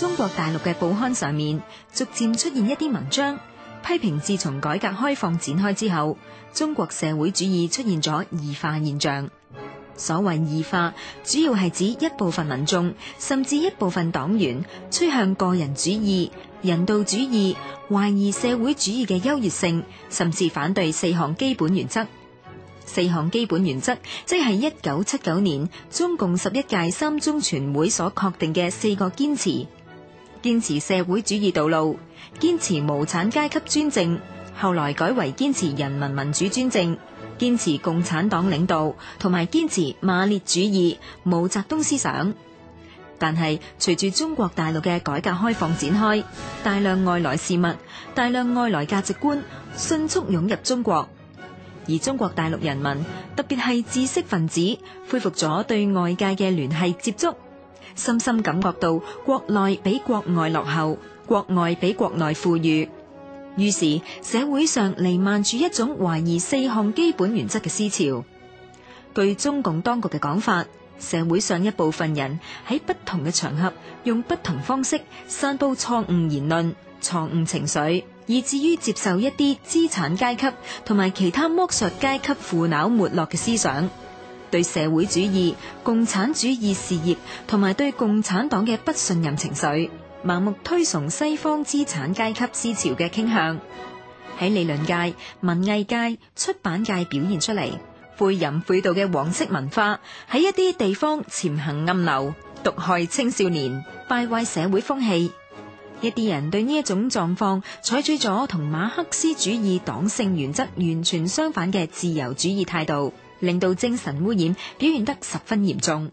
中國大陸嘅報刊上面逐漸出現一啲文章批評，自從改革開放展開之後，中國社會主義出現咗異化現象。所謂異化，主要係指一部分民眾甚至一部分黨員趨向個人主義、人道主義，懷疑社會主義嘅優越性，甚至反對四項基本原則。四項基本原則即係一九七九年中共十一屆三中全會所確定嘅四個堅持。堅持社會主義道路，堅持無產階級專政，後來改為堅持人民民主專政，堅持共產黨領導，同埋堅持馬列主義、毛澤東思想。但係隨住中國大陸嘅改革開放展開，大量外來事物、大量外來價值觀迅速湧入中國，而中國大陸人民，特別係知識分子，恢復咗對外界嘅聯繫接觸。深深感覺到國內比國外落後，國外比國內富裕。於是社會上瀰漫住一種懷疑四項基本原則嘅思潮。據中共當局嘅講法，社會上一部分人喺不同嘅場合用不同方式散佈錯誤言論、錯誤情緒，以至於接受一啲資產階級同埋其他剝削階級腐朽沒落嘅思想。對社會主義、共產主義事業同埋對共產黨嘅不信任情緒，盲目推崇西方資產階級思潮嘅傾向，喺理論界、文藝界、出版界表現出嚟，誨淫誨盜嘅黃色文化，喺一啲地方潛行暗流，毒害青少年，敗壞社會風氣。一啲人對呢一種狀況採取咗同馬克思主義黨性原則完全相反嘅自由主義態度。令到精神污染表現得十分嚴重。